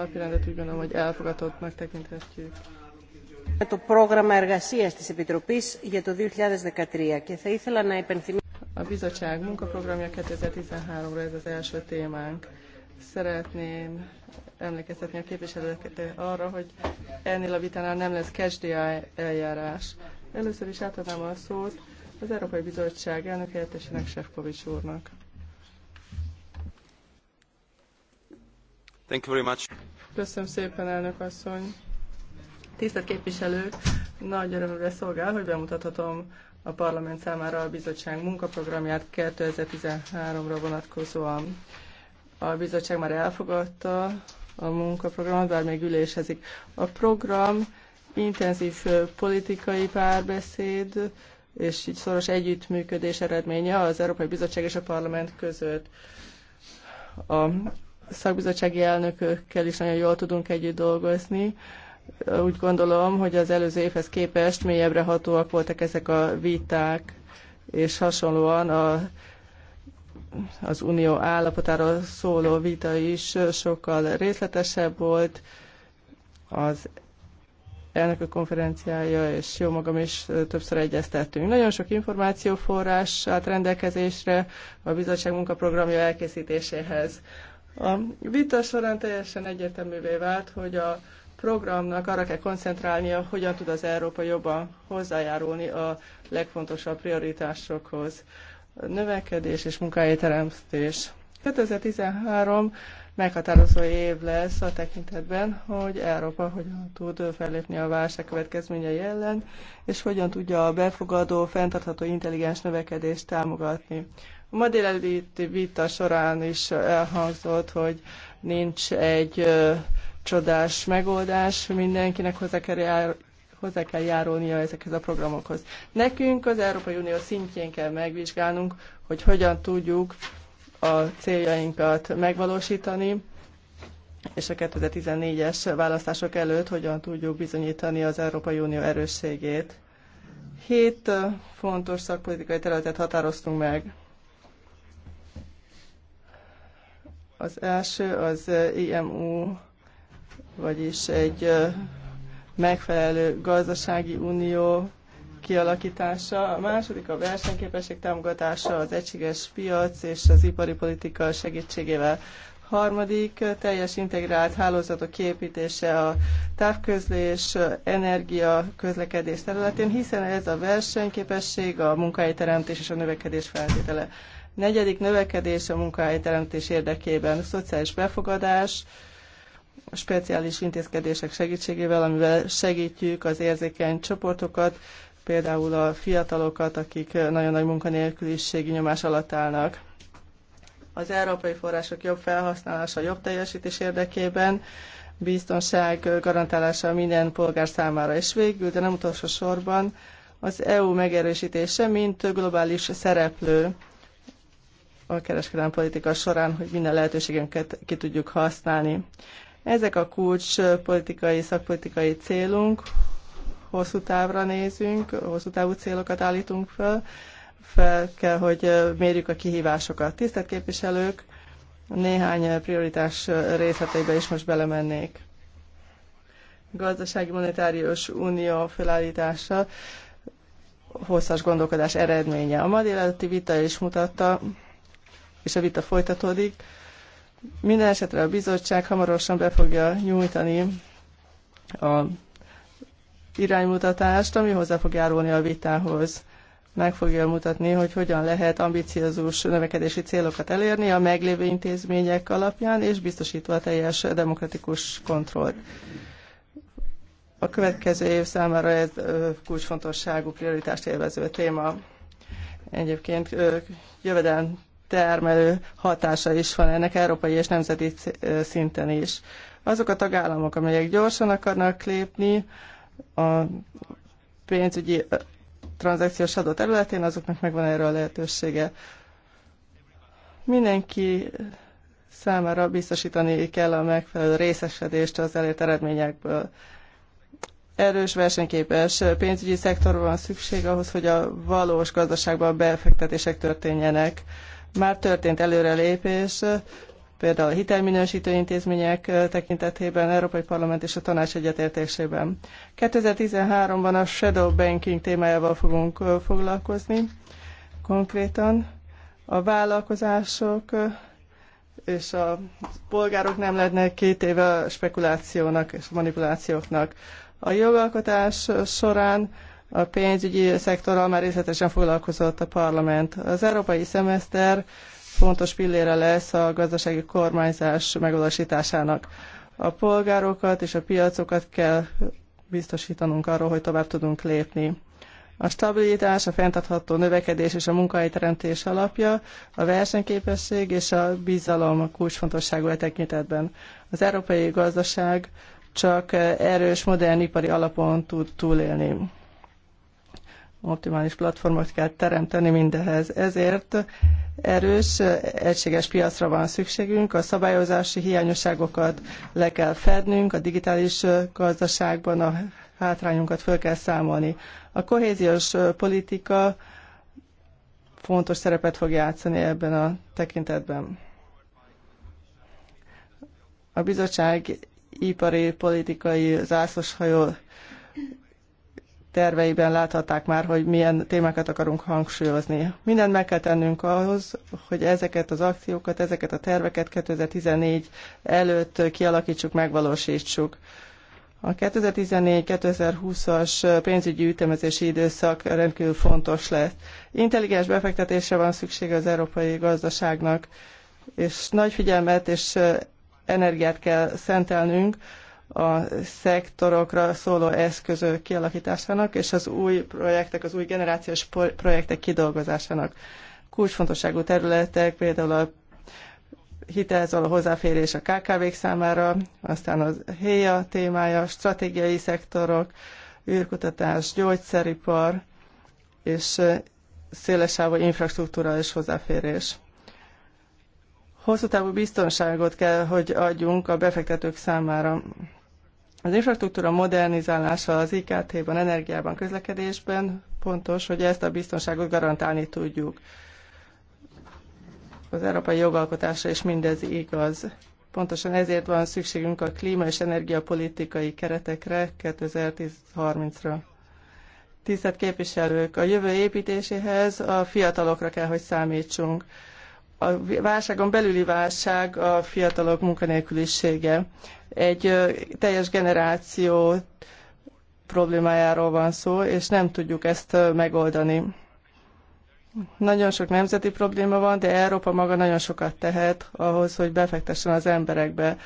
napirendet úgy gondolom, hogy elfogadottnak tekinthetjük. Το πρόγραμμα εργασίας της Επιτροπής για το 2013 και θα ήθελα να υπενθυμίσω... A bizottság munkaprogramja 2013-ra ez az első témánk. Szeretném emlékeztetni a képviselőket arra, hogy ennél a vitánál nem lesz KSDI eljárás. Először is átadnám a szót az Európai Bizottság elnök helyettesének Sefkovics úrnak. Thank you very much. Köszönöm szépen, elnök asszony. Tisztelt képviselő, nagy örömre szolgál, hogy bemutathatom a parlament számára a bizottság munkaprogramját 2013-ra vonatkozóan. A bizottság már elfogadta a munkaprogramot, bár még ülésezik. A program intenzív politikai párbeszéd és így szoros együttműködés eredménye az Európai Bizottság és a Parlament között. A szakbizottsági elnökökkel is nagyon jól tudunk együtt dolgozni. Úgy gondolom, hogy az előző évhez képest mélyebbre hatóak voltak ezek a viták, és hasonlóan a, az unió állapotáról szóló vita is sokkal részletesebb volt. Az elnök konferenciája, és jó magam is többször egyeztettünk. Nagyon sok információforrás állt rendelkezésre a bizottság munkaprogramja elkészítéséhez. A vita során teljesen egyértelművé vált, hogy a programnak arra kell koncentrálnia, hogyan tud az Európa jobban hozzájárulni a legfontosabb prioritásokhoz. Növekedés és teremtés. 2013 meghatározó év lesz a tekintetben, hogy Európa hogyan tud fellépni a válság következményei ellen, és hogyan tudja a befogadó, fenntartható, intelligens növekedést támogatni. A ma délelőtti vita során is elhangzott, hogy nincs egy ö, csodás megoldás, mindenkinek hozzá kell, jár, hozzá kell járulnia ezekhez a programokhoz. Nekünk az Európai Unió szintjén kell megvizsgálnunk, hogy hogyan tudjuk a céljainkat megvalósítani, és a 2014-es választások előtt hogyan tudjuk bizonyítani az Európai Unió erősségét. Hét fontos szakpolitikai területet határoztunk meg. Az első az IMU, vagyis egy megfelelő gazdasági unió kialakítása, a második a versenyképesség támogatása, az egységes piac és az ipari politika segítségével. Harmadik, teljes integrált hálózatok kiépítése a távközlés, energia, közlekedés területén, hiszen ez a versenyképesség, a munkahelyteremtés és a növekedés feltétele. Negyedik növekedés a munkahelyteremtés érdekében, a szociális befogadás, a speciális intézkedések segítségével, amivel segítjük az érzékeny csoportokat, például a fiatalokat, akik nagyon nagy munkanélküliségi nyomás alatt állnak. Az európai források jobb felhasználása, jobb teljesítés érdekében, biztonság garantálása minden polgár számára. És végül, de nem utolsó sorban, az EU megerősítése, mint globális szereplő a kereskedelmi politika során, hogy minden lehetőségünket ki tudjuk használni. Ezek a kulcs politikai, szakpolitikai célunk, hosszú távra nézünk, hosszú távú célokat állítunk fel. fel kell, hogy mérjük a kihívásokat. Tisztelt képviselők, néhány prioritás részleteibe is most belemennék. Gazdasági Monetárius Unió felállítása hosszas gondolkodás eredménye. A ma vita is mutatta, és a vita folytatódik. Minden esetre a bizottság hamarosan be fogja nyújtani a iránymutatást, ami hozzá fog járulni a vitához. Meg fogja mutatni, hogy hogyan lehet ambiciózus növekedési célokat elérni a meglévő intézmények alapján, és biztosítva a teljes demokratikus kontrollt. A következő év számára ez kulcsfontosságú prioritást élvező téma. Egyébként jövedelem termelő hatása is van ennek európai és nemzeti szinten is. Azok a tagállamok, amelyek gyorsan akarnak lépni a pénzügyi tranzakciós adó területén, azoknak megvan erre a lehetősége. Mindenki számára biztosítani kell a megfelelő részesedést az elért eredményekből. Erős versenyképes pénzügyi szektorban van szükség ahhoz, hogy a valós gazdaságban befektetések történjenek. Már történt előrelépés, például a hitelminősítő intézmények tekintetében, Európai Parlament és a Tanács egyetértésében. 2013-ban a shadow banking témájával fogunk foglalkozni konkrétan. A vállalkozások és a polgárok nem lennek két éve a spekulációnak és manipulációknak. A jogalkotás során a pénzügyi szektorral már részletesen foglalkozott a parlament. Az európai szemeszter fontos pillére lesz a gazdasági kormányzás megvalósításának. A polgárokat és a piacokat kell biztosítanunk arról, hogy tovább tudunk lépni. A stabilitás, a fenntartható növekedés és a munkahelyteremtés alapja, a versenyképesség és a bizalom a kulcsfontosságú a e tekintetben. Az európai gazdaság csak erős, modern ipari alapon tud túlélni optimális platformot kell teremteni mindehez. Ezért erős, egységes piacra van szükségünk, a szabályozási hiányosságokat le kell fednünk, a digitális gazdaságban a hátrányunkat föl kell számolni. A kohéziós politika fontos szerepet fog játszani ebben a tekintetben. A bizottság ipari politikai zászlóshajó terveiben láthatták már, hogy milyen témákat akarunk hangsúlyozni. Mindent meg kell tennünk ahhoz, hogy ezeket az akciókat, ezeket a terveket 2014 előtt kialakítsuk, megvalósítsuk. A 2014-2020-as pénzügyi ütemezési időszak rendkívül fontos lesz. Intelligens befektetésre van szüksége az európai gazdaságnak, és nagy figyelmet és energiát kell szentelnünk, a szektorokra szóló eszközök kialakításának és az új projektek, az új generációs projektek kidolgozásának. Kulcsfontosságú területek, például a hitelhez való hozzáférés a KKV-k számára, aztán az héja témája, stratégiai szektorok, űrkutatás, gyógyszeripar és szélesávú infrastruktúra és hozzáférés. Hosszú távú biztonságot kell, hogy adjunk a befektetők számára. Az infrastruktúra modernizálása az IKT-ban, energiában, közlekedésben pontos, hogy ezt a biztonságot garantálni tudjuk. Az európai jogalkotásra is mindez igaz. Pontosan ezért van szükségünk a klíma és energiapolitikai keretekre 2030-ra. Tisztelt képviselők, a jövő építéséhez a fiatalokra kell, hogy számítsunk a válságon belüli válság a fiatalok munkanélkülisége. Egy teljes generáció problémájáról van szó, és nem tudjuk ezt megoldani. Nagyon sok nemzeti probléma van, de Európa maga nagyon sokat tehet ahhoz, hogy befektessen az emberekbe,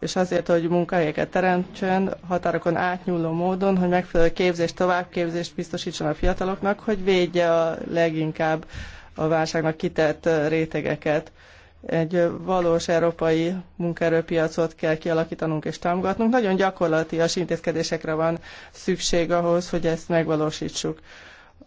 és azért, hogy munkahelyeket teremtsen határokon átnyúló módon, hogy megfelelő képzést, továbbképzést biztosítson a fiataloknak, hogy védje a leginkább a válságnak kitett rétegeket. Egy valós európai munkaerőpiacot kell kialakítanunk és támogatnunk. Nagyon gyakorlatias intézkedésekre van szükség ahhoz, hogy ezt megvalósítsuk.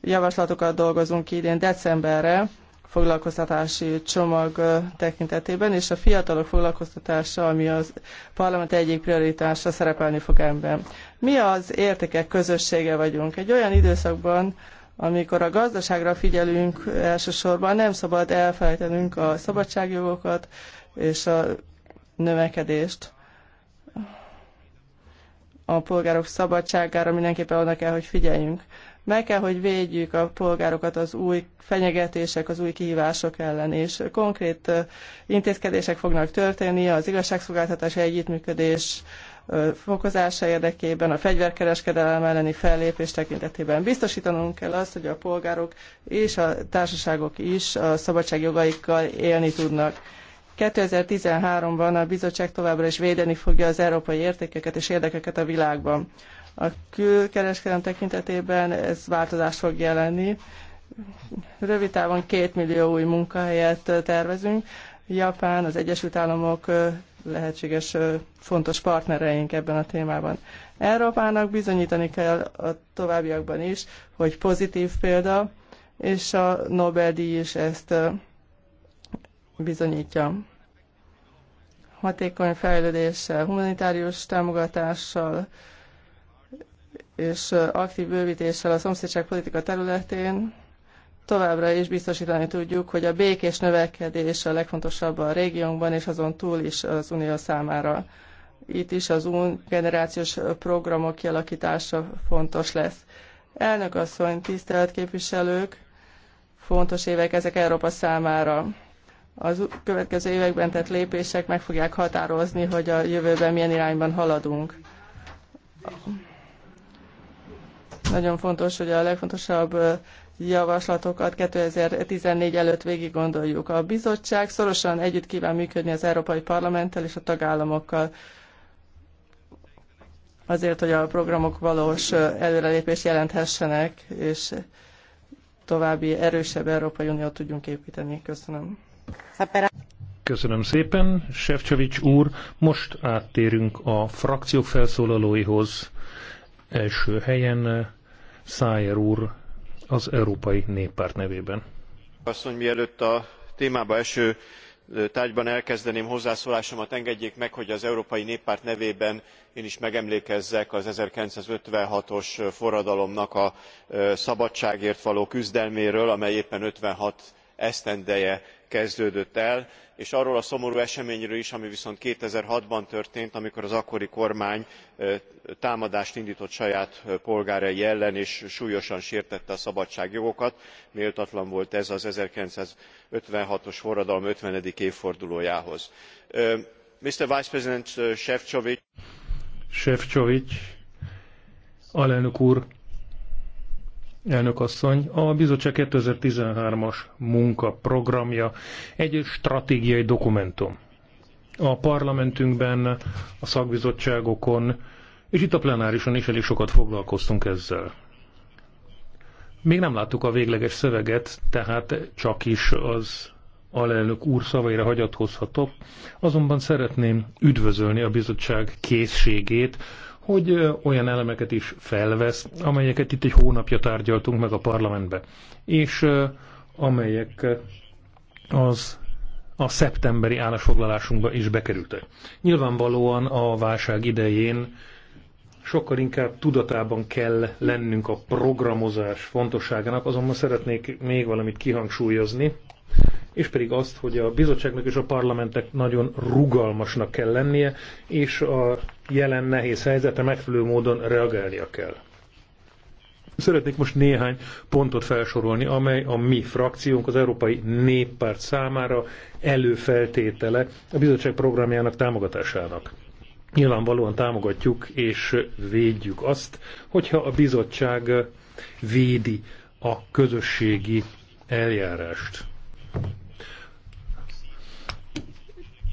Javaslatokat dolgozunk idén decemberre, foglalkoztatási csomag tekintetében, és a fiatalok foglalkoztatása, ami az parlament egyik prioritása szerepelni fog ebben. Mi az értékek közössége vagyunk? Egy olyan időszakban, amikor a gazdaságra figyelünk elsősorban, nem szabad elfelejtenünk a szabadságjogokat és a növekedést. A polgárok szabadságára mindenképpen oda kell, hogy figyeljünk. Meg kell, hogy védjük a polgárokat az új fenyegetések, az új kihívások ellen, és konkrét intézkedések fognak történni az igazságszolgáltatási együttműködés fokozása érdekében, a fegyverkereskedelem elleni fellépés tekintetében biztosítanunk kell azt, hogy a polgárok és a társaságok is a szabadságjogaikkal élni tudnak. 2013-ban a bizottság továbbra is védeni fogja az európai értékeket és érdekeket a világban. A külkereskedelem tekintetében ez változást fog jelenni. Rövid távon két millió új munkahelyet tervezünk. Japán, az Egyesült Államok lehetséges fontos partnereink ebben a témában. Európának bizonyítani kell a továbbiakban is, hogy pozitív példa, és a Nobel-díj is ezt bizonyítja. Hatékony fejlődéssel, humanitárius támogatással és aktív bővítéssel a szomszédság politika területén továbbra is biztosítani tudjuk, hogy a békés növekedés a legfontosabb a régiónkban és azon túl is az Unió számára. Itt is az UN generációs programok kialakítása fontos lesz. Elnök asszony, tisztelt képviselők, fontos évek ezek Európa számára. Az következő években tett lépések meg fogják határozni, hogy a jövőben milyen irányban haladunk nagyon fontos, hogy a legfontosabb javaslatokat 2014 előtt végig gondoljuk. A bizottság szorosan együtt kíván működni az Európai Parlamenttel és a tagállamokkal azért, hogy a programok valós előrelépés jelenthessenek, és további erősebb Európai Uniót tudjunk építeni. Köszönöm. Köszönöm szépen, Sefcsovics úr. Most áttérünk a frakciók felszólalóihoz. Első helyen Szájer úr az Európai Néppárt nevében. Asszony, mielőtt a témába eső tárgyban elkezdeném hozzászólásomat engedjék meg hogy az európai néppárt nevében én is megemlékezzek az one thousand nine hundred and fifty six os forradalomnak a szabadságért való küzdelméről amely éppen fifty six esztendeje kezdődött el és arról a szomorú eseményről is ami viszont two thousand and six ban történt amikor az akkori kormány támadást indtott saját polgárai ellen és súlyosan sértette a szabadságjogokat méltatlan volt ez az one thousand nine hundred and fifty six os forradalom. fifty évfordulójához. mr vice president efovi alelnök úr Elnök asszony, a bizottság 2013-as munkaprogramja egy stratégiai dokumentum. A parlamentünkben, a szakbizottságokon, és itt a plenárison is elég sokat foglalkoztunk ezzel. Még nem láttuk a végleges szöveget, tehát csak is az alelnök úr szavaira hagyatkozhatok, azonban szeretném üdvözölni a bizottság készségét, hogy olyan elemeket is felvesz, amelyeket itt egy hónapja tárgyaltunk meg a parlamentbe, és amelyek az a szeptemberi állásfoglalásunkba is bekerültek. Nyilvánvalóan a válság idején sokkal inkább tudatában kell lennünk a programozás fontosságának, azonban szeretnék még valamit kihangsúlyozni, és pedig azt, hogy a bizottságnak és a parlamentnek nagyon rugalmasnak kell lennie, és a jelen nehéz helyzetre megfelelő módon reagálnia kell. Szeretnék most néhány pontot felsorolni, amely a mi frakciónk, az Európai Néppárt számára előfeltétele a bizottság programjának támogatásának. Nyilvánvalóan támogatjuk és védjük azt, hogyha a bizottság védi a közösségi eljárást.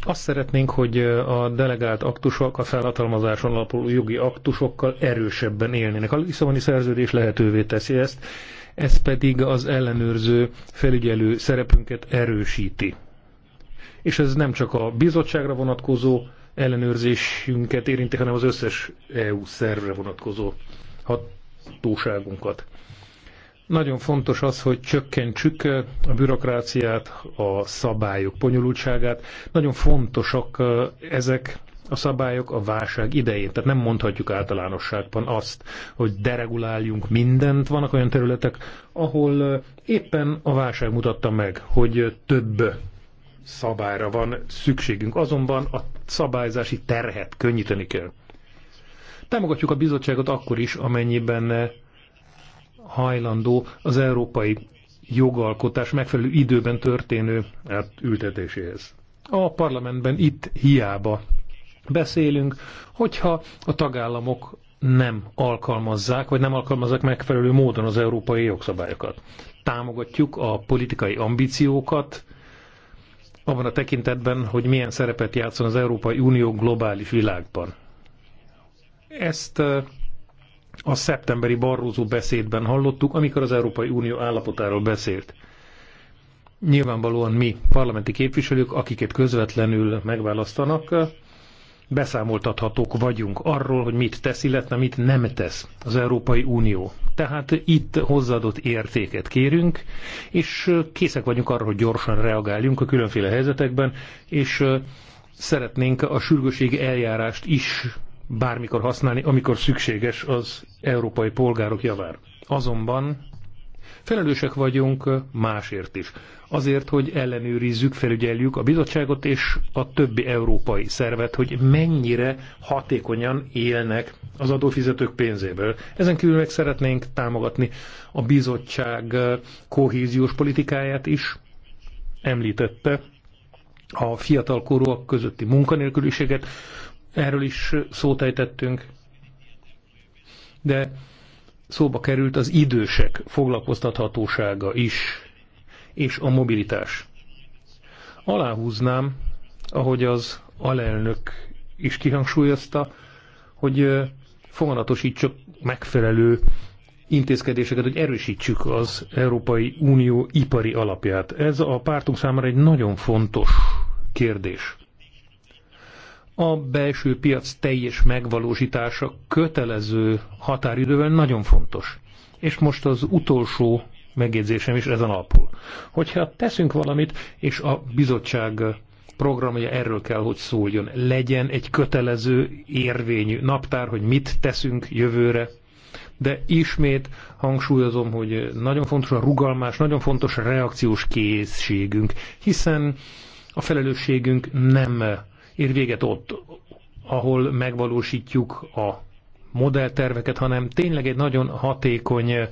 Azt szeretnénk, hogy a delegált aktusok a felhatalmazáson alapuló jogi aktusokkal erősebben élnének. A Lisszaboni szerződés lehetővé teszi ezt, ez pedig az ellenőrző felügyelő szerepünket erősíti. És ez nem csak a bizottságra vonatkozó ellenőrzésünket érinti, hanem az összes EU szervre vonatkozó hatóságunkat. Nagyon fontos az, hogy csökkentsük eh, a bürokráciát, a szabályok bonyolultságát. Nagyon fontosak eh, ezek a szabályok a válság idején. Tehát nem mondhatjuk általánosságban azt, hogy dereguláljunk mindent. Vannak olyan területek, ahol eh, éppen a válság mutatta meg, hogy több szabályra van szükségünk. Azonban a szabályzási terhet könnyíteni kell. Támogatjuk a bizottságot akkor is, amennyiben hajlandó az európai jogalkotás megfelelő időben történő ültetéséhez. A parlamentben itt hiába beszélünk, hogyha a tagállamok nem alkalmazzák, vagy nem alkalmazzák megfelelő módon az európai jogszabályokat. Támogatjuk a politikai ambíciókat, abban a tekintetben, hogy milyen szerepet játszon az Európai Unió globális világban. Ezt a szeptemberi barrózó beszédben hallottuk, amikor az Európai Unió állapotáról beszélt. Nyilvánvalóan mi, parlamenti képviselők, akiket közvetlenül megválasztanak, beszámoltathatók vagyunk arról, hogy mit tesz, illetve mit nem tesz az Európai Unió. Tehát itt hozzáadott értéket kérünk, és készek vagyunk arra, hogy gyorsan reagáljunk a különféle helyzetekben, és szeretnénk a sürgőségi eljárást is bármikor használni, amikor szükséges az európai polgárok javára. Azonban felelősek vagyunk másért is. Azért, hogy ellenőrizzük, felügyeljük a bizottságot és a többi európai szervet, hogy mennyire hatékonyan élnek az adófizetők pénzéből. Ezen kívül meg szeretnénk támogatni a bizottság kohéziós politikáját is. Említette a fiatalkorúak közötti munkanélküliséget, erről is szót ejtettünk, de szóba került az idősek foglalkoztathatósága is, és a mobilitás. Aláhúznám, ahogy az alelnök is kihangsúlyozta, hogy foganatosítsuk megfelelő intézkedéseket, hogy erősítsük az Európai Unió ipari alapját. Ez a pártunk számára egy nagyon fontos kérdés a belső piac teljes megvalósítása kötelező határidővel nagyon fontos. És most az utolsó megjegyzésem is ezen alapul. Hogyha teszünk valamit, és a bizottság programja erről kell, hogy szóljon. Legyen egy kötelező, érvényű naptár, hogy mit teszünk jövőre. De ismét hangsúlyozom, hogy nagyon fontos a rugalmás, nagyon fontos a reakciós készségünk, hiszen a felelősségünk nem ér véget ott, ahol megvalósítjuk a modellterveket, hanem tényleg egy nagyon hatékony eh,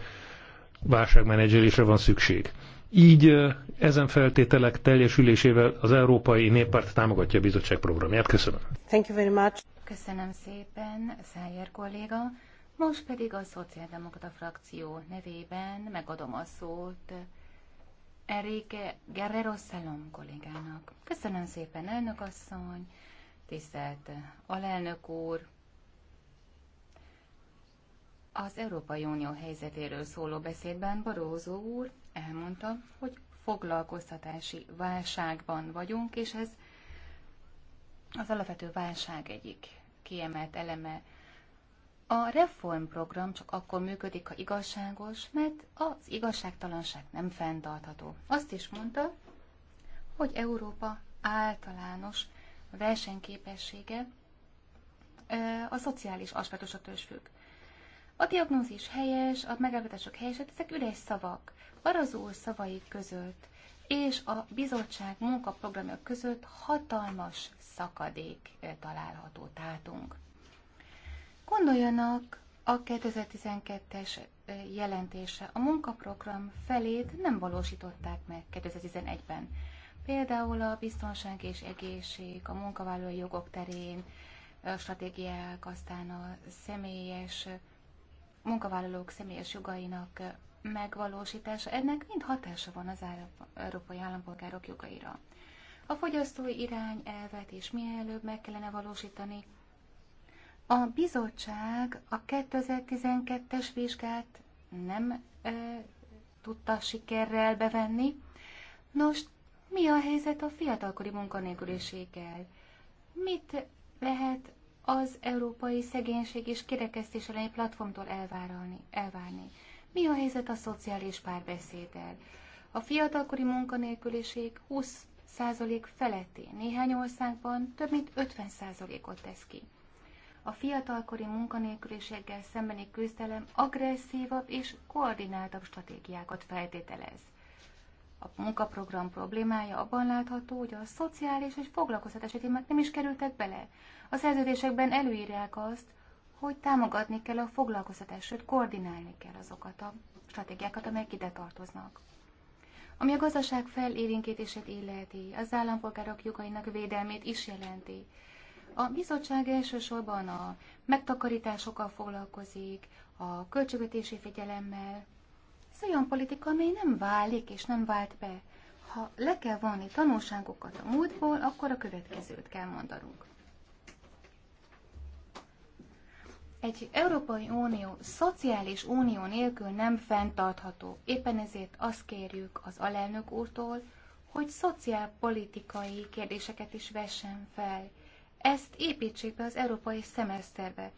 válságmenedzselésre van szükség. Így eh, ezen feltételek teljesülésével az Európai Néppárt támogatja a bizottság programját. Köszönöm. Thank you very much. Köszönöm szépen, Szájer kolléga. Most pedig a Szociáldemokrata frakció nevében megadom a szót Enrique Guerrero Salom kollégának. Köszönöm szépen, elnök asszony, tisztelt alelnök úr, az Európai Unió helyzetéről szóló beszédben Barózó úr elmondta, hogy foglalkoztatási válságban vagyunk, és ez az alapvető válság egyik kiemelt eleme a reformprogram csak akkor működik, ha igazságos, mert az igazságtalanság nem fenntartható. Azt is mondta, hogy Európa általános versenyképessége a szociális aspektusoktól is függ. A diagnózis helyes, a megállapítások helyesek, ezek üres szavak. Barazó szavai között és a bizottság munkaprogramja között hatalmas szakadék található tátunk. Gondoljanak a 2012-es jelentése. A munkaprogram felét nem valósították meg 2011-ben. Például a biztonság és egészség, a munkavállalói jogok terén, a stratégiák, aztán a személyes munkavállalók személyes jogainak megvalósítása, ennek mind hatása van az európai állampolgárok jogaira. A fogyasztói irány elvet is mielőbb meg kellene valósítani, a bizottság a 2012-es vizsgát nem ö, tudta sikerrel bevenni. Nos, mi a helyzet a fiatalkori munkanélküliséggel? Mit lehet az Európai Szegénység és Kirekesztés elleni platformtól elvárni, elvárni? Mi a helyzet a szociális párbeszéddel? A fiatalkori munkanélküliség 20% feletti, néhány országban több mint 50%-ot tesz ki. A fiatalkori munkanélküliséggel szembeni küzdelem agresszívabb és koordináltabb stratégiákat feltételez. A munkaprogram problémája abban látható, hogy a szociális és foglalkoztatási témák nem is kerültek bele. A szerződésekben előírják azt, hogy támogatni kell a foglalkoztatást, sőt koordinálni kell azokat a stratégiákat, amelyek ide tartoznak. Ami a gazdaság felérinkítését illeti, az állampolgárok jogainak védelmét is jelenti. A bizottság elsősorban a megtakarításokkal foglalkozik, a költségvetési figyelemmel. Ez olyan politika, amely nem válik és nem vált be. Ha le kell vonni tanulságokat a múltból, akkor a következőt kell mondanunk. Egy Európai Unió szociális unió nélkül nem fenntartható. Éppen ezért azt kérjük az alelnök úrtól, hogy szociálpolitikai kérdéseket is vessen fel, ezt építsék be az európai szemeszterbe,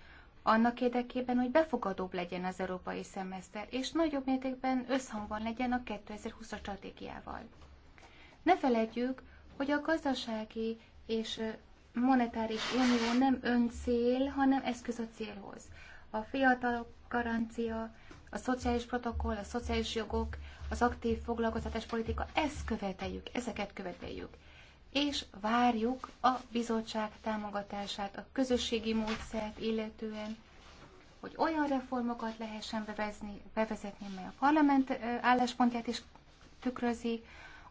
annak érdekében, hogy befogadóbb legyen az európai szemeszter, és nagyobb mértékben összhangban legyen a 2020-as stratégiával. Ne feledjük, hogy a gazdasági és monetáris unió nem cél, hanem eszköz a célhoz. A fiatalok garancia, a szociális protokoll, a szociális jogok, az aktív foglalkoztatás politika, ezt követeljük, ezeket követeljük és várjuk a bizottság támogatását, a közösségi módszert illetően, hogy olyan reformokat lehessen bevezni, bevezetni, mely a parlament álláspontját is tükrözi,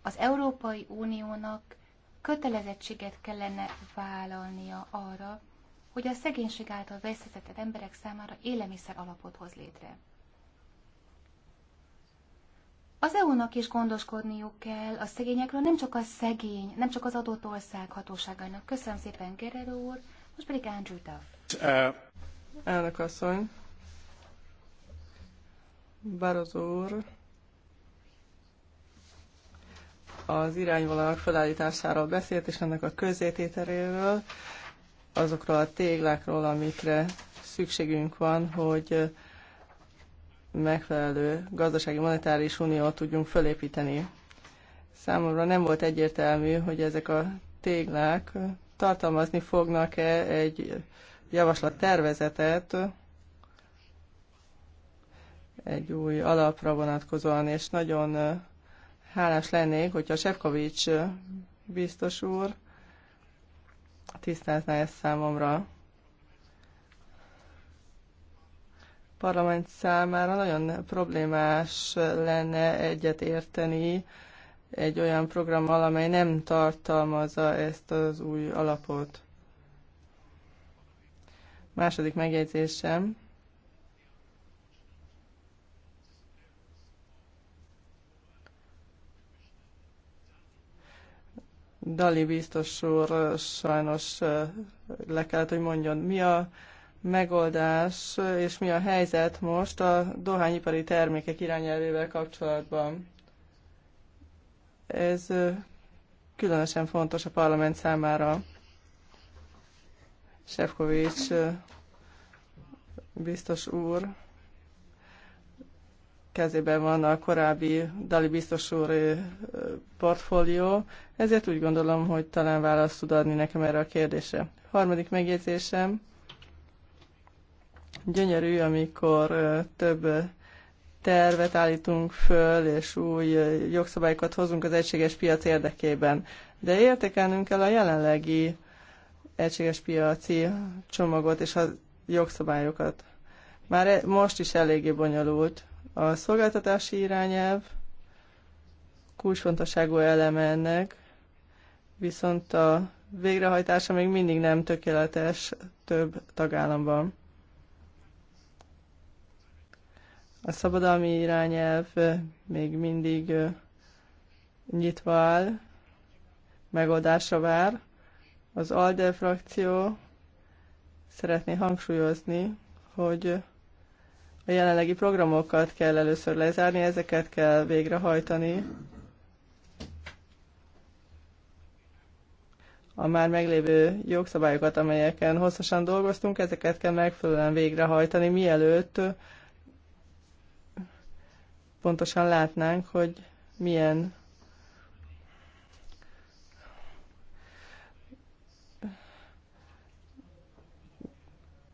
az Európai Uniónak kötelezettséget kellene vállalnia arra, hogy a szegénység által veszélyeztetett emberek számára élelmiszer alapot hoz létre. Az EU-nak is gondoskodniuk kell a szegényekről, nem csak a szegény, nem csak az adott ország hatóságának. Köszönöm szépen, Gerero úr, most pedig Andrew Duff. Eh, elnök asszony, Barozó úr, az irányvonalak felállításáról beszélt, és ennek a közzétételéről, azokról a téglákról, amikre szükségünk van, hogy megfelelő gazdasági monetáris uniót tudjunk fölépíteni. Számomra nem volt egyértelmű, hogy ezek a téglák tartalmazni fognak-e egy javaslat tervezetet egy új alapra vonatkozóan, és nagyon hálás lennék, hogyha Sefkovics biztos úr tisztázná ezt számomra. parlament számára nagyon problémás lenne egyet érteni egy olyan programmal, amely nem tartalmazza ezt az új alapot. Második megjegyzésem. Dali biztos úr sajnos le kellett, hogy mondjon, mi a megoldás, és mi a helyzet most a dohányipari termékek irányelvével kapcsolatban. Ez különösen fontos a parlament számára. Sefkovics biztos úr kezében van a korábbi Dali biztos úr portfólió, ezért úgy gondolom, hogy talán választ tud adni nekem erre a kérdésre. Harmadik megjegyzésem, gyönyörű, amikor több tervet állítunk föl, és új jogszabályokat hozunk az egységes piac érdekében. De értékelnünk kell a jelenlegi egységes piaci csomagot és a jogszabályokat. Már e, most is eléggé bonyolult. A szolgáltatási irányelv kulcsfontosságú eleme ennek, viszont a végrehajtása még mindig nem tökéletes több tagállamban. A szabadalmi irányelv még mindig nyitva áll, megoldása vár. Az ALDE frakció szeretné hangsúlyozni, hogy a jelenlegi programokat kell először lezárni, ezeket kell végrehajtani. A már meglévő jogszabályokat, amelyeken hosszasan dolgoztunk, ezeket kell megfelelően végrehajtani, mielőtt pontosan látnánk, hogy milyen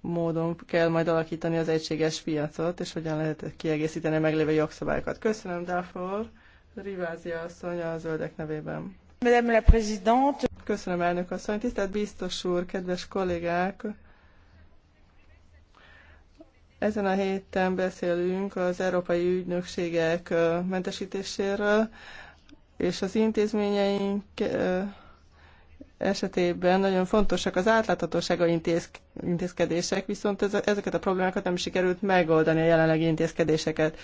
módon kell majd alakítani az egységes piacot, és hogyan lehet kiegészíteni a meglévő jogszabályokat. Köszönöm, Dafor. Rivázi asszony a zöldek nevében. Madame la Présidente. Köszönöm, elnök asszony. Tisztelt biztos úr, kedves kollégák! Ezen a héten beszélünk az európai ügynökségek mentesítéséről, és az intézményeink esetében nagyon fontosak az átláthatósága intézk- intézkedések, viszont ez, ezeket a problémákat nem sikerült megoldani a jelenlegi intézkedéseket.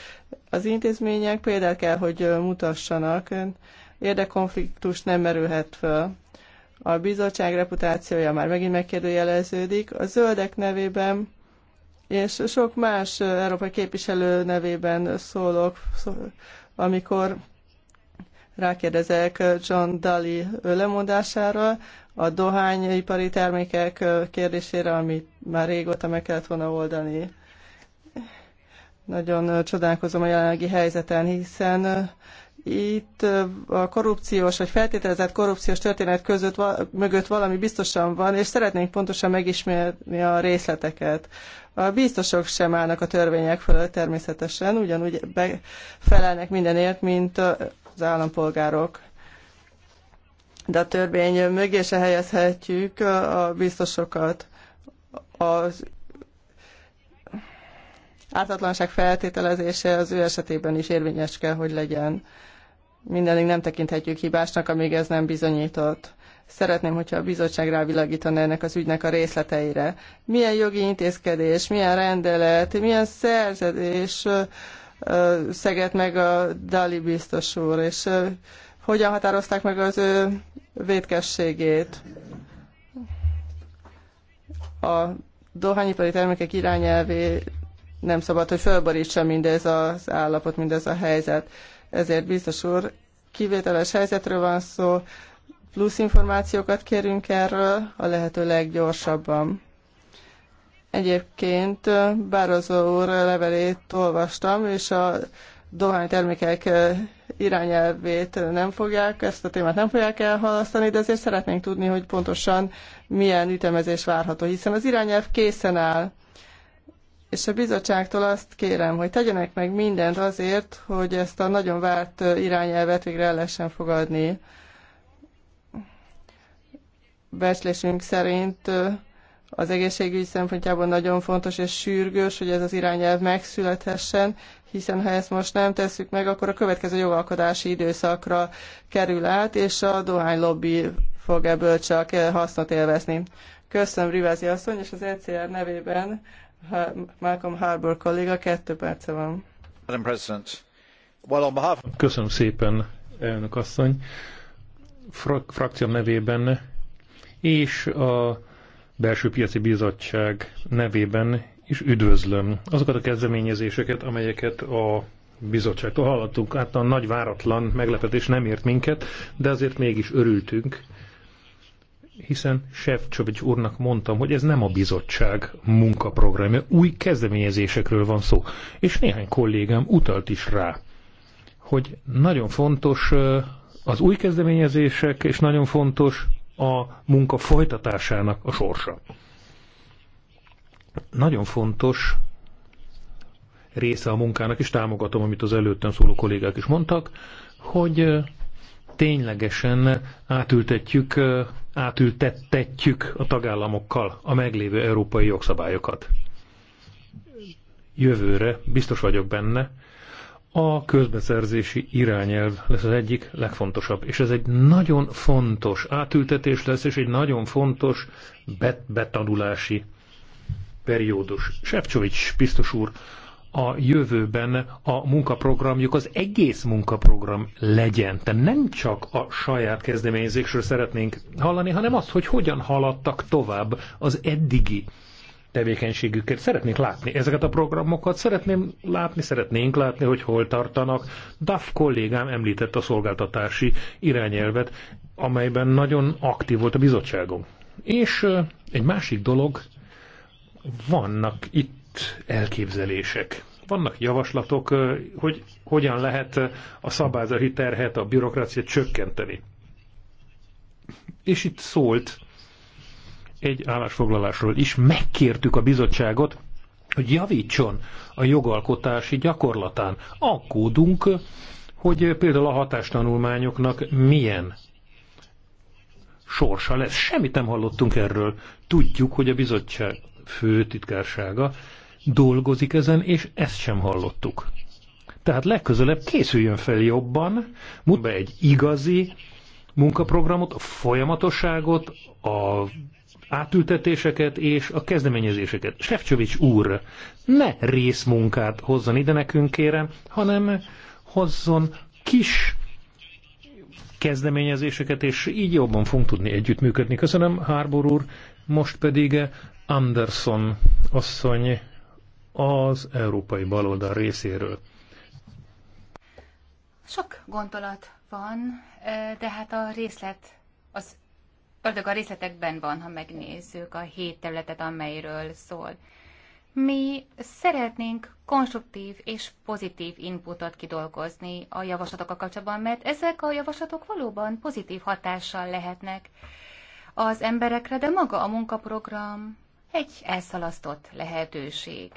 Az intézmények például, kell, hogy mutassanak, érdekkonfliktus nem merülhet föl. A bizottság reputációja már megint megkérdőjeleződik. A zöldek nevében és sok más európai képviselő nevében szólok, amikor rákérdezek John Daly lemondására, a dohányipari termékek kérdésére, amit már régóta meg kellett volna oldani. Nagyon csodálkozom a jelenlegi helyzeten, hiszen itt a korrupciós vagy feltételezett korrupciós történet között mögött valami biztosan van, és szeretnénk pontosan megismerni a részleteket. A biztosok sem állnak a törvények fölött természetesen, ugyanúgy felelnek mindenért, mint az állampolgárok. De a törvény mögé se helyezhetjük a biztosokat. Az ártatlanság feltételezése az ő esetében is érvényes kell, hogy legyen. Mindenig nem tekinthetjük hibásnak, amíg ez nem bizonyított. Szeretném, hogyha a bizottság rávilágítana ennek az ügynek a részleteire. Milyen jogi intézkedés, milyen rendelet, milyen szerződés szeget meg a Dali biztos úr, és hogyan határozták meg az ő védkességét. A dohányipari termékek irányelvé nem szabad, hogy fölborítsa mindez az állapot, mindez a helyzet. Ezért biztos úr, kivételes helyzetről van szó, plusz információkat kérünk erről a lehető leggyorsabban. Egyébként Bározó úr levelét olvastam, és a dohánytermékek irányelvét nem fogják, ezt a témát nem fogják elhalasztani, de azért szeretnénk tudni, hogy pontosan milyen ütemezés várható, hiszen az irányelv készen áll. És a bizottságtól azt kérem, hogy tegyenek meg mindent azért, hogy ezt a nagyon várt irányelvet végre el lehessen fogadni becslésünk szerint az egészségügy szempontjából nagyon fontos és sürgős, hogy ez az irányelv megszülethessen, hiszen ha ezt most nem tesszük meg, akkor a következő jogalkodási időszakra kerül át, és a dohánylobbi fog ebből csak eh, hasznot élvezni. Köszönöm Rivázi asszony, és az ECR nevében Malcolm Harbour kolléga, kettő perce van. Köszönöm szépen, elnök asszony. Frak frakcióm nevében és a Belső Piaci Bizottság nevében is üdvözlöm azokat a kezdeményezéseket, amelyeket a bizottságtól hallottunk. Hát a nagy váratlan meglepetés nem ért minket, de azért mégis örültünk, hiszen Sefcsovics úrnak mondtam, hogy ez nem a bizottság munkaprogramja, új kezdeményezésekről van szó. És néhány kollégám utalt is rá, hogy nagyon fontos az új kezdeményezések, és nagyon fontos a munka folytatásának a sorsa. Nagyon fontos része a munkának, és támogatom, amit az előttem szóló kollégák is mondtak, hogy ténylegesen átültetjük, átültettetjük a tagállamokkal a meglévő európai jogszabályokat. Jövőre biztos vagyok benne, a közbeszerzési irányelv lesz az egyik legfontosabb, és ez egy nagyon fontos átültetés lesz, és egy nagyon fontos bet betanulási periódus. Sepcsovics biztos úr, a jövőben a munkaprogramjuk az egész munkaprogram legyen. Te nem csak a saját kezdeményezésről szeretnénk hallani, hanem azt, hogy hogyan haladtak tovább az eddigi tevékenységükért. Szeretnék látni ezeket a programokat, szeretném látni, szeretnénk látni, hogy hol tartanak. DAF kollégám említett a szolgáltatási irányelvet, amelyben nagyon aktív volt a bizottságom. És egy másik dolog, vannak itt elképzelések. Vannak javaslatok, hogy hogyan lehet a szabályzati terhet, a bürokráciát csökkenteni. És itt szólt egy állásfoglalásról is megkértük a bizottságot, hogy javítson a jogalkotási gyakorlatán. Aggódunk, hogy például a hatástanulmányoknak milyen sorsa lesz. Semmit nem hallottunk erről. Tudjuk, hogy a bizottság főtitkársága dolgozik ezen, és ezt sem hallottuk. Tehát legközelebb készüljön fel jobban, mutatja be egy igazi munkaprogramot, a folyamatosságot, a átültetéseket és a kezdeményezéseket. Sefcsovics úr, ne részmunkát hozzon ide nekünk, kérem, hanem hozzon kis kezdeményezéseket, és így jobban fogunk tudni együttműködni. Köszönöm, Harbor úr. Most pedig Anderson asszony az európai baloldal részéről. Sok gondolat van, de hát a részlet, az ördög a részletekben van, ha megnézzük a hét területet, amelyről szól. Mi szeretnénk konstruktív és pozitív inputot kidolgozni a javaslatokkal kapcsolatban, mert ezek a javaslatok valóban pozitív hatással lehetnek az emberekre, de maga a munkaprogram egy elszalasztott lehetőség.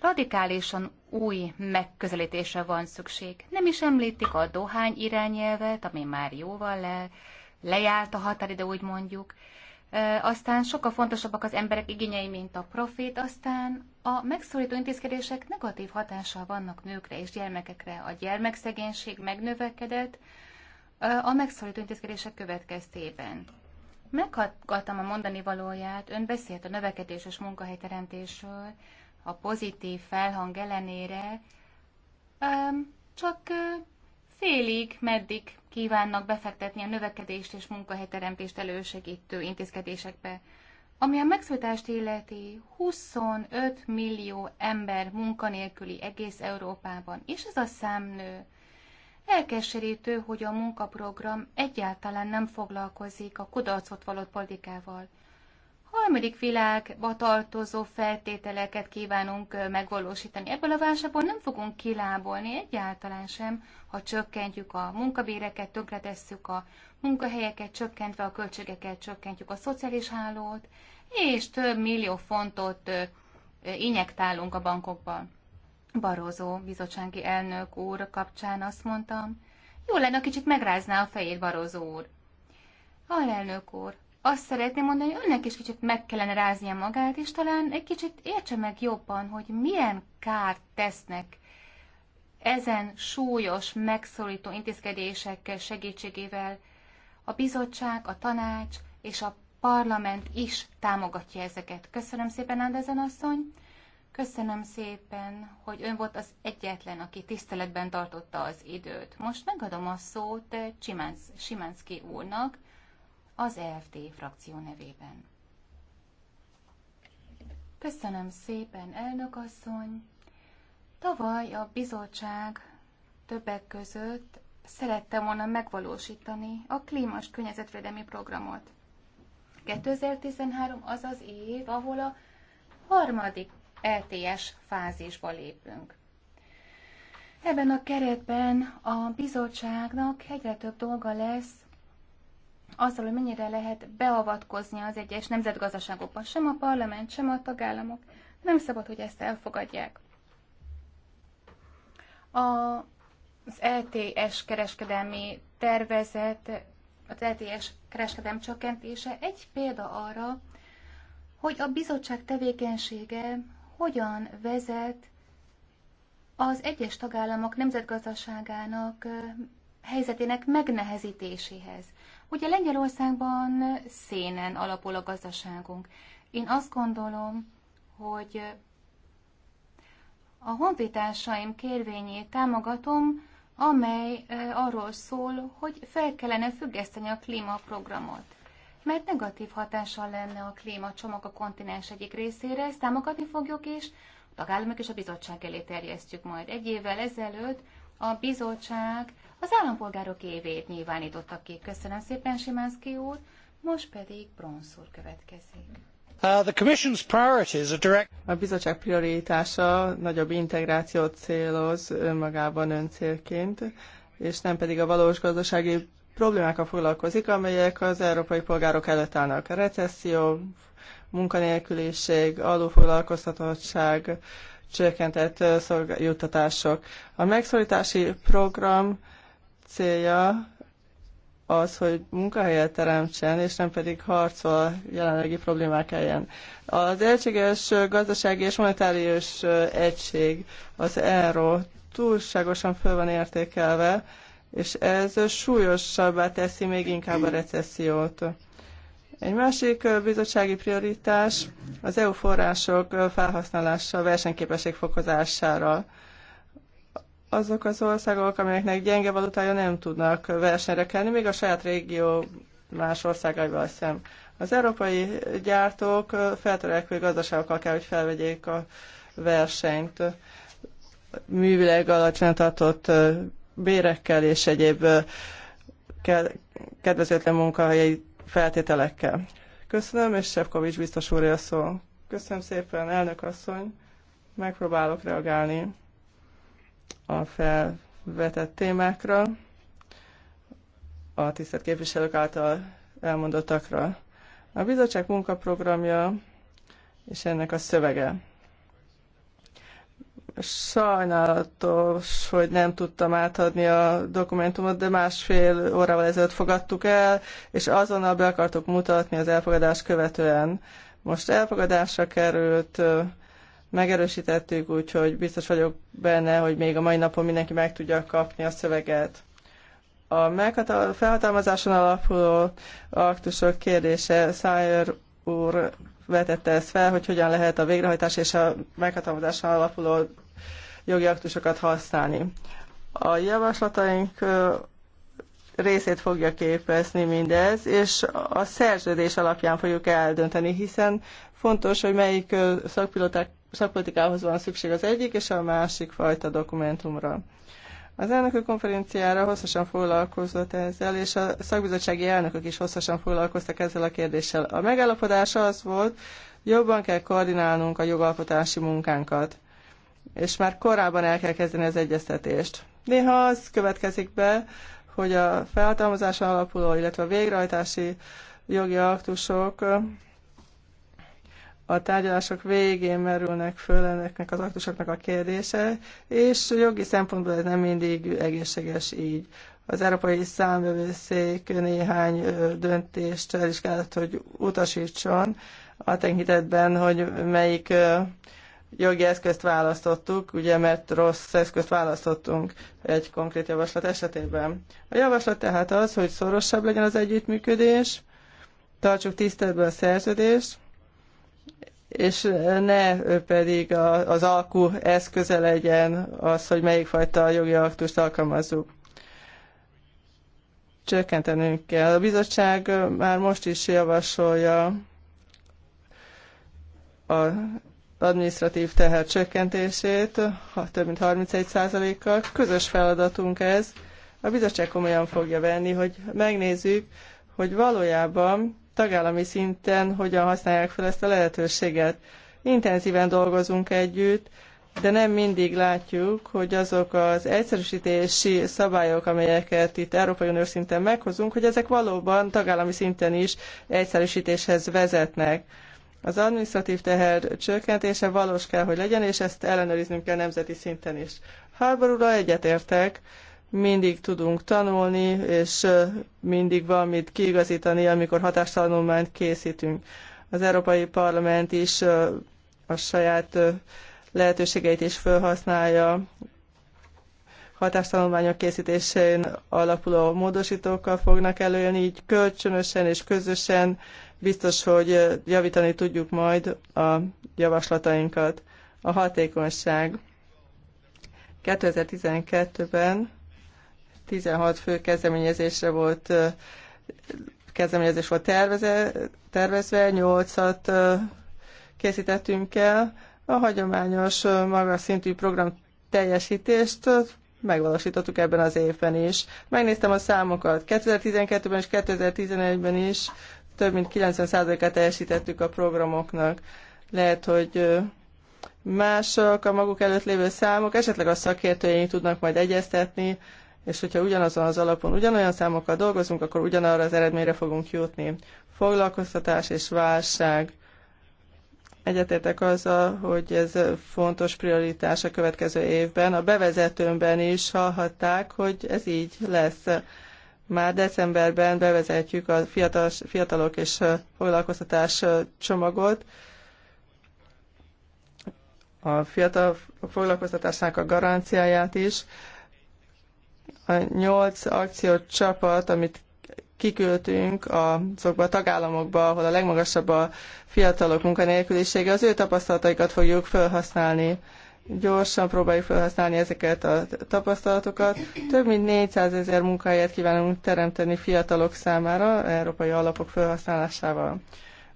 Radikálisan új megközelítésre van szükség. Nem is említik a dohány irányelvet, ami már jóval le, lejárt a határidő, úgy mondjuk. Aztán sokkal fontosabbak az emberek igényei, mint a profit, aztán a megszorító intézkedések negatív hatással vannak nőkre és gyermekekre. A gyermekszegénység megnövekedett a megszorító intézkedések következtében. Meghallgattam a mondani valóját, ön beszélt a növekedés és munkahelyteremtésről, a pozitív felhang ellenére, csak félig, meddig kívánnak befektetni a növekedést és munkahelyteremtést elősegítő intézkedésekbe. Ami a megszültást illeti, 25 millió ember munkanélküli egész Európában, és ez a szám nő. Elkeserítő, hogy a munkaprogram egyáltalán nem foglalkozik a kudarcot való politikával harmadik világba tartozó feltételeket kívánunk megvalósítani. Ebből a válságból nem fogunk kilábolni egyáltalán sem, ha csökkentjük a munkabéreket, tönkretesszük a munkahelyeket, csökkentve a költségeket, csökkentjük a szociális hálót, és több millió fontot injektálunk a bankokba. Barózó bizottsági elnök úr kapcsán azt mondtam, jó lenne, kicsit megrázná a fejét Barózó úr. Alelnök úr, azt szeretném mondani, hogy önnek is kicsit meg kellene ráznia magát, és talán egy kicsit értse meg jobban, hogy milyen kárt tesznek ezen súlyos, megszorító intézkedésekkel segítségével a bizottság, a tanács és a parlament is támogatja ezeket. Köszönöm szépen, Andezen asszony! Köszönöm szépen, hogy ön volt az egyetlen, aki tiszteletben tartotta az időt. Most megadom a szót eh, Csimánsz, Simánszki úrnak, az EFD frakció nevében. Köszönöm szépen, elnök asszony! Tavaly a bizottság többek között szerette volna megvalósítani a klímas környezetvédelmi programot. 2013 az az év, ahol a harmadik LTS e fázisba lépünk. Ebben a keretben a bizottságnak egyre több dolga lesz azzal, hogy mennyire lehet beavatkozni az egyes nemzetgazdaságokban, sem a parlament, sem a tagállamok. Nem szabad, hogy ezt elfogadják. A, az LTS kereskedelmi tervezet, az LTS kereskedelmi csökkentése egy példa arra, hogy a bizottság tevékenysége hogyan vezet az egyes tagállamok nemzetgazdaságának helyzetének megnehezítéséhez. Ugye Lengyelországban szénen alapul a gazdaságunk. Én azt gondolom, hogy a honvitársaim kérvényét támogatom, amely arról szól, hogy fel kellene függeszteni a klímaprogramot. Mert negatív hatással lenne a klímacsomag a kontinens egyik részére, ezt támogatni fogjuk, is. a tagállamok és a bizottság elé terjesztjük majd. Egy évvel ezelőtt a bizottság az állampolgárok évét nyilvánította ki. Köszönöm szépen, Simánszki úr, most pedig Bronsz úr következik. Uh, the commission's priorities are direct... A bizottság prioritása nagyobb integrációt céloz önmagában öncélként, és nem pedig a valós gazdasági problémákkal foglalkozik, amelyek az európai polgárok előtt állnak. Recesszió, munkanélküliség, alulfoglalkoztatottság, csökkentett juttatások. A megszorítási program célja az, hogy munkahelyet teremtsen, és nem pedig harcol jelenlegi problémák ellen. Az egységes gazdasági és monetárius egység, az ERO túlságosan föl van értékelve, és ez súlyosabbá teszi még inkább a recessziót. Egy másik bizottsági prioritás az EU források felhasználása versenyképesség fokozására. Azok az országok, amelyeknek gyenge valutája nem tudnak versenyre kelni, még a saját régió más országaival szem. Az európai gyártók feltörekvő gazdaságokkal kell, hogy felvegyék a versenyt művileg alacsony tartott bérekkel és egyéb kedvezőtlen munkahelyi feltételekkel. Köszönöm, és Sefkovics biztos úr a szó. Köszönöm szépen, elnök asszony. Megpróbálok reagálni a felvetett témákra, a tisztelt képviselők által elmondottakra. A bizottság munkaprogramja és ennek a szövege. Sajnálatos, hogy nem tudtam átadni a dokumentumot, de másfél órával ezelőtt fogadtuk el, és azonnal be akartuk mutatni az elfogadás követően. Most elfogadásra került, megerősítettük, úgyhogy biztos vagyok benne, hogy még a mai napon mindenki meg tudja kapni a szöveget. A felhatalmazáson alapuló aktusok kérdése Szájer úr vetette ezt fel, hogy hogyan lehet a végrehajtás és a meghatalmazásra alapuló jogi aktusokat használni. A javaslataink részét fogja képezni mindez, és a szerződés alapján fogjuk eldönteni, hiszen fontos, hogy melyik szakpolitikához van szükség az egyik és a másik fajta dokumentumra. Az elnökök konferenciára hosszasan foglalkozott ezzel, és a szakbizottsági elnökök is hosszasan foglalkoztak ezzel a kérdéssel. A megállapodás az volt, jobban kell koordinálnunk a jogalkotási munkánkat, és már korábban el kell kezdeni az egyeztetést. Néha az következik be, hogy a felhatalmazáson alapuló, illetve a végrehajtási jogi aktusok a tárgyalások végén merülnek föl ennek az aktusoknak a kérdése, és jogi szempontból ez nem mindig egészséges így. Az Európai Számvevőszék néhány döntést el is kellett, hogy utasítson a tekintetben, hogy melyik jogi eszközt választottuk, ugye mert rossz eszközt választottunk egy konkrét javaslat esetében. A javaslat tehát az, hogy szorosabb legyen az együttműködés, tartsuk tiszteletben a szerződést, és ne pedig az alkú eszköze legyen az, hogy melyik fajta jogi aktust alkalmazzuk. Csökkentenünk kell. A bizottság már most is javasolja az administratív teher csökkentését, több mint 31%-kal. Közös feladatunk ez. A bizottság komolyan fogja venni, hogy megnézzük, hogy valójában tagállami szinten hogyan használják fel ezt a lehetőséget. Intenzíven dolgozunk együtt, de nem mindig látjuk, hogy azok az egyszerűsítési szabályok, amelyeket itt Európai Unió szinten meghozunk, hogy ezek valóban tagállami szinten is egyszerűsítéshez vezetnek. Az administratív teher csökkentése valós kell, hogy legyen, és ezt ellenőriznünk kell nemzeti szinten is. Harbour ura egyetértek, mindig tudunk tanulni, és mindig valamit kiigazítani, amikor hatástanulmányt készítünk. Az Európai Parlament is a saját lehetőségeit is felhasználja hatástanulmányok készítésén alapuló módosítókkal fognak előjönni, így kölcsönösen és közösen biztos, hogy javítani tudjuk majd a javaslatainkat. A hatékonyság. 2012-ben 16 fő kezdeményezésre volt kezdeményezés volt tervezve, tervezve, 8-at készítettünk el. A hagyományos magas szintű program teljesítést megvalósítottuk ebben az évben is. Megnéztem a számokat. 2012-ben és 2011-ben is több mint 90%-át teljesítettük a programoknak. Lehet, hogy mások a maguk előtt lévő számok, esetleg a szakértőink tudnak majd egyeztetni és hogyha ugyanazon az alapon ugyanolyan számokkal dolgozunk, akkor ugyanarra az eredményre fogunk jutni. Foglalkoztatás és válság. Egyetértek azzal, hogy ez fontos prioritás a következő évben. A bevezetőmben is hallhatták, hogy ez így lesz. Már decemberben bevezetjük a fiatal, fiatalok és foglalkoztatás csomagot. A fiatal foglalkoztatásnak a garanciáját is a nyolc akciócsapat, amit kiküldtünk azokba a tagállamokba, ahol a legmagasabb a fiatalok munkanélkülisége, az ő tapasztalataikat fogjuk felhasználni. Gyorsan próbáljuk felhasználni ezeket a tapasztalatokat. Több mint 400 ezer munkahelyet kívánunk teremteni fiatalok számára európai alapok felhasználásával.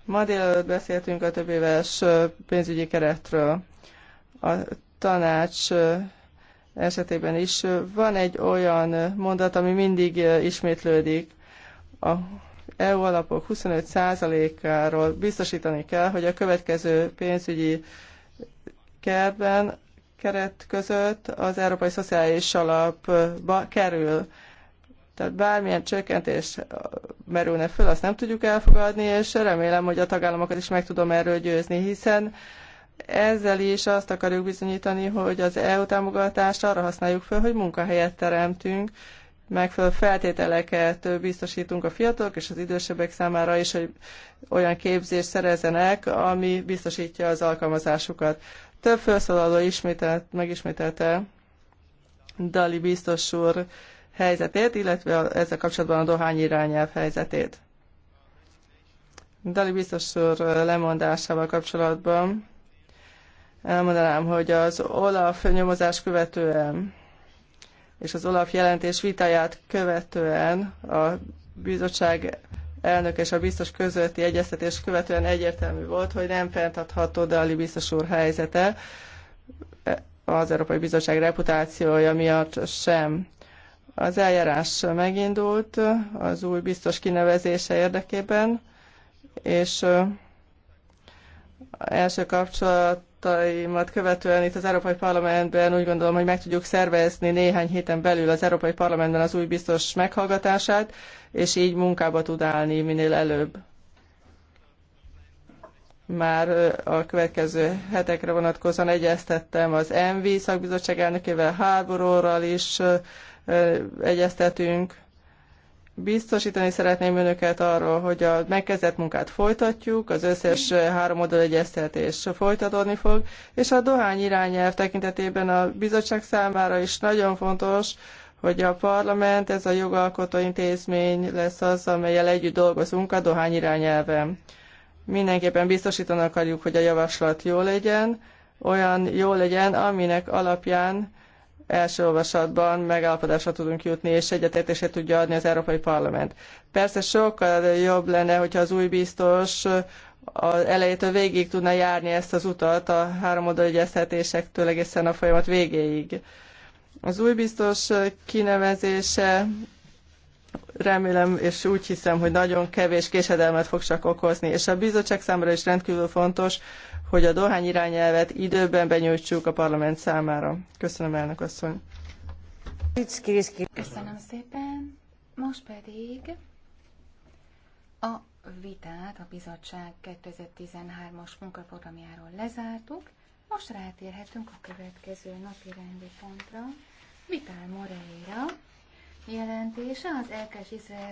Ma délelőtt beszéltünk a több éves pénzügyi keretről. A tanács esetében is van egy olyan mondat, ami mindig ismétlődik. A EU alapok 25%-áról biztosítani kell, hogy a következő pénzügyi kertben, keret között az Európai Szociális Alapba kerül. Tehát bármilyen csökkentés merülne föl, azt nem tudjuk elfogadni, és remélem, hogy a tagállamokat is meg tudom erről győzni, hiszen ezzel is azt akarjuk bizonyítani, hogy az EU támogatást arra használjuk fel, hogy munkahelyet teremtünk, megfelelő feltételeket biztosítunk a fiatalok és az idősebbek számára is, hogy olyan képzést szerezzenek, ami biztosítja az alkalmazásukat. Több felszólaló ismételt, megismételte Dali biztos úr helyzetét, illetve ezzel kapcsolatban a dohány irányelv helyzetét. Dali biztos úr lemondásával kapcsolatban elmondanám, hogy az Olaf nyomozás követően és az Olaf jelentés vitáját követően a bizottság elnök és a biztos közötti egyeztetés követően egyértelmű volt, hogy nem fenntartható Dali biztos úr helyzete az Európai Bizottság reputációja miatt sem. Az eljárás megindult az új biztos kinevezése érdekében, és első kapcsolataimat követően itt az Európai Parlamentben úgy gondolom, hogy meg tudjuk szervezni néhány héten belül az Európai Parlamentben az új biztos meghallgatását, és így munkába tud állni minél előbb. Már a következő hetekre vonatkozóan egyeztettem az ENVI szakbizottság elnökével, Harbororral is egyeztetünk, biztosítani szeretném önöket arról, hogy a megkezdett munkát folytatjuk, az összes három oldal egyeztetés folytatódni fog, és a dohány irányelv tekintetében a bizottság számára is nagyon fontos, hogy a parlament, ez a jogalkotó intézmény lesz az, amelyel együtt dolgozunk a dohány irányelve. Mindenképpen biztosítani akarjuk, hogy a javaslat jó legyen, olyan jó legyen, aminek alapján első olvasatban megállapodásra tudunk jutni, és egyetértését tudja adni az Európai Parlament. Persze sokkal jobb lenne, hogyha az új biztos az elejétől végig tudna járni ezt az utat a háromoldalú egyeztetésektől egészen a folyamat végéig. Az új biztos kinevezése remélem és úgy hiszem, hogy nagyon kevés késedelmet fog csak okozni, és a bizottság számára is rendkívül fontos, hogy a dohány irányelvet időben benyújtsuk a parlament számára. Köszönöm, elnök asszony. Köszönöm szépen. Most pedig a vitát a bizottság 2013-as munkaprogramjáról lezártuk. Most rátérhetünk a következő napi rendi pontra. Vitál Moreira jelentése az Elkes Izrael